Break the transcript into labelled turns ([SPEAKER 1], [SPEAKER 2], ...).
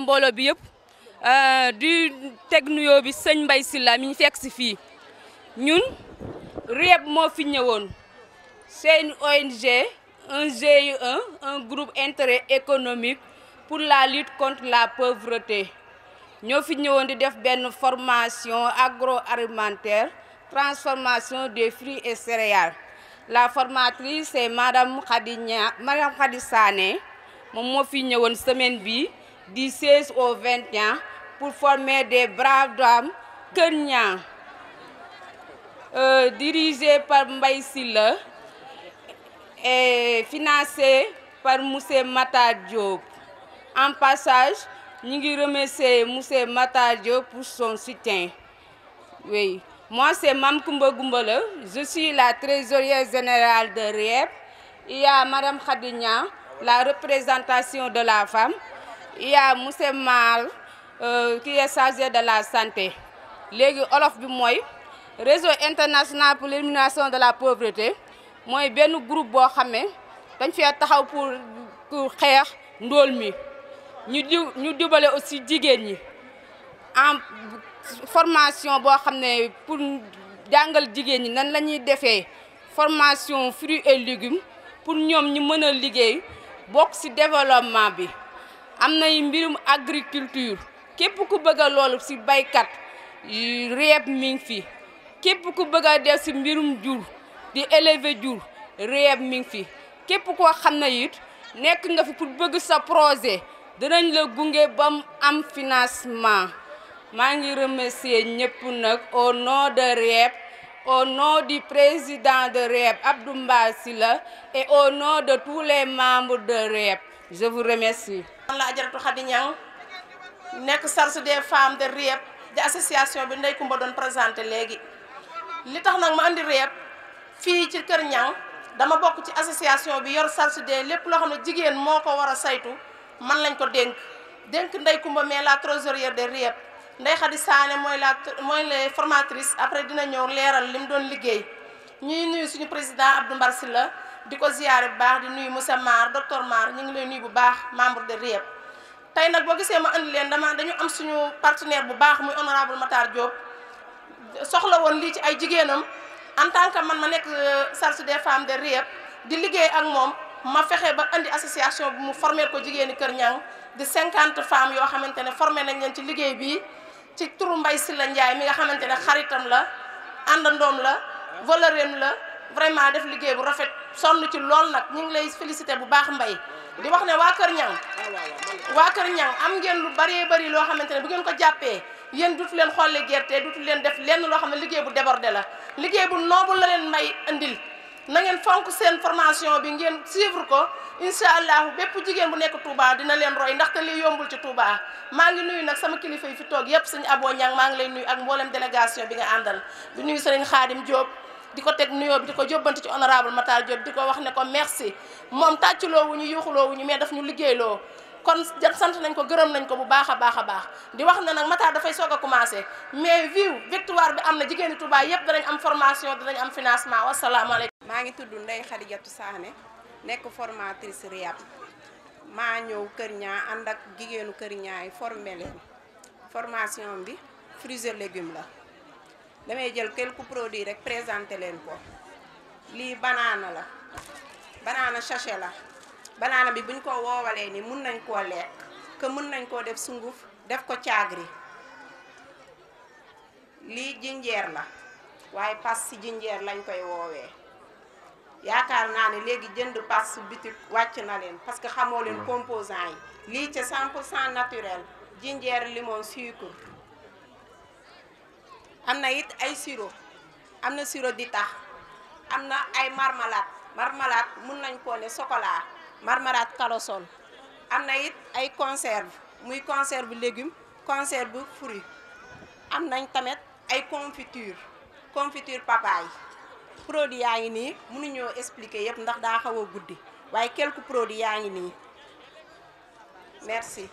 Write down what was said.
[SPEAKER 1] mbooloo bi yëpp euh, di teg nuyoo bi sëñ Mbay Silla mi ñu fekk si fii ñun RIEP moo fi ñëwoon c'est une ONG un GIE un groupe intérêt économique pour la lutte contre la pauvreté ñoo fi ñëwoon di def benn formation agroalimentaire transformation des fruits et céréales la formatrice c'est madame Khady Nia madame Khady moom moo fi ñëwoon semaine bi di 16 au 21 pour former des braves dames kenyans euh, dirigés par Mbaye Silla et financés par Moussé mata Diop. En passage, nous remercions Moussé mata Diop pour son soutien. Oui. Moi, c'est Mme Koumba Goumbole. Je suis la trésorière générale de RIEP. Il y a Mme Khadignan, la représentation de la femme. il y a monsieur Mal euh, qui de la santé léegi olof bi mooy réseau international pour l'élimination de la pauvreté mooy benn groupe boo xam ne dañ fee taxaw pour pour xeex ndool mi ñu di ñu dibale aussi jigéen ñi en formation boo xam ne pour jàngal jigéen ñi nan la ñuy defee formation fruits et légumes pour ñoom ñu mën a liggéey bokk ci développement bi am na nay mbirum agriculture képp ku bëgg a loolu si baykat réeb mi fi képp ku bëgg a def si mbirum jur di élever jur réeb mi fi képp ko xam na it nekk nga fi pour bëgg sa projet dinañ la gunge ba mu am financement maa ngi remercier ñëpp nag au nom de REEP au nom président de REEP Abdou Mbaye Sylla et au nom de tous les membres de REEP je vous remercie.
[SPEAKER 2] man la Ajaratu Khady Niang
[SPEAKER 1] nekk chargée des femmes
[SPEAKER 2] de RIEP di association bi ndey Kumba doon présenté léegi li tax nag ma andi RIEP fii ci Kër Niang dama bokk ci association bi yor chargée des lépp loo xam ne jigéen moo ko war a saytu man lañ ko dénk dénk ndey Kumba mais la trésorière de RIEP Ndeye Khady Sané mooy la mooy les formatrice après dina ñëw leeral li mu doon liggéey ñuy nuyu suñu président Abdou Mbar Sylla di ko ziyaare bu baax di nuyu mu Moussa Mar docteur Mar ñu ngi lay nuyu bu baax membre de RIEP tey nag boo gisee ma andi leen dama dañu am suñu partenaire bu baax muy honorable Matar Diop soxla woon lii ci ay jigéenam en tant man ma nekk euh, chargée des femmes de RIEP di liggéey ak moom ma fexe ba indi association bi mu former ko jigéeni Kër Ñang di cinquante femmes yoo xamante ne formé nañ leen ci liggéey bii ci turu Mbay Silla Njaay mi nga xamante ne xaritam la àndandoom la voleureem la vraiment def liggéey bu rafet sonn ci lool nag ñu ngi lay félicité bu baax mbay di wax ne waa Kër Ñang waa Kër Ñang am ngeen lu bëree bëri loo xamante ne bu ngeen ko jàppee yéen dutu leen xolle gerte du dutu leen def lenn loo xam ne liggéey bu débordé la liggéey bu noobu la leen mbay andil na ngeen fonk seen formation bi ngeen suivre ko incha allah bépp jigéen bu nekk Touba dina leen roy ndaxte li yombul ci Touba maa ngi nuyu nag sama kilifa yi fi toog yépp sëñ Abo Ñang maa ngi lay nuyu ak mboolem délégation bi nga àndal di nuyu sëriñ Xaadim Diop di ko teg nuyoo bi di ko jóbbante ci honorable Matar jot di ko wax ne ko merci moom tàccloo wu ñu yuuxuloo wu ñu mais daf ñu liggéeyloo kon jot sant nañ ko gërëm nañ ko bu baax a baax a baax di wax ne nag mataal dafay soog a commencé mais vive victoire bi am na jigéeni Touba yëpp danañ am formation danañ am financement
[SPEAKER 3] wasalaamaaleykum. maa ngi tudd Ndeye Khadijatou Sané nekk formatrice RIAP maa ñëw Kër Niang ànd ak jigéenu Kër Niang yi for leen formation bi fruits et légumes la. damay jël quelques produits rek présenté leen ko lii banaana la banaana sachet la banaana bi buñ ko woowalee ni mun nañ koo lekk que mun nañ koo def sunguf def ko caagri lii jinjeer la waaye pass si jinjeer lañ koy woowee yaakaar naa ne léegi jënd pass bitik wàcc na leen parce que xamoo leen mm. composant yi lii ca 100 pour cent naturel jinjeer limon sucre am na it ay sirop am na sirop di tax am na ay marmalade marmalaat mun nañ koo ne chocolat marmalade calossol am na it ay conserve muy conserve légume conserve fruit am nañ tamit ay confiture confiture papaye produit yaa ngi nii mënuñoo expliquer yëpp ndax daa xaw a guddi waaye quelques produit yaa ngi nii merci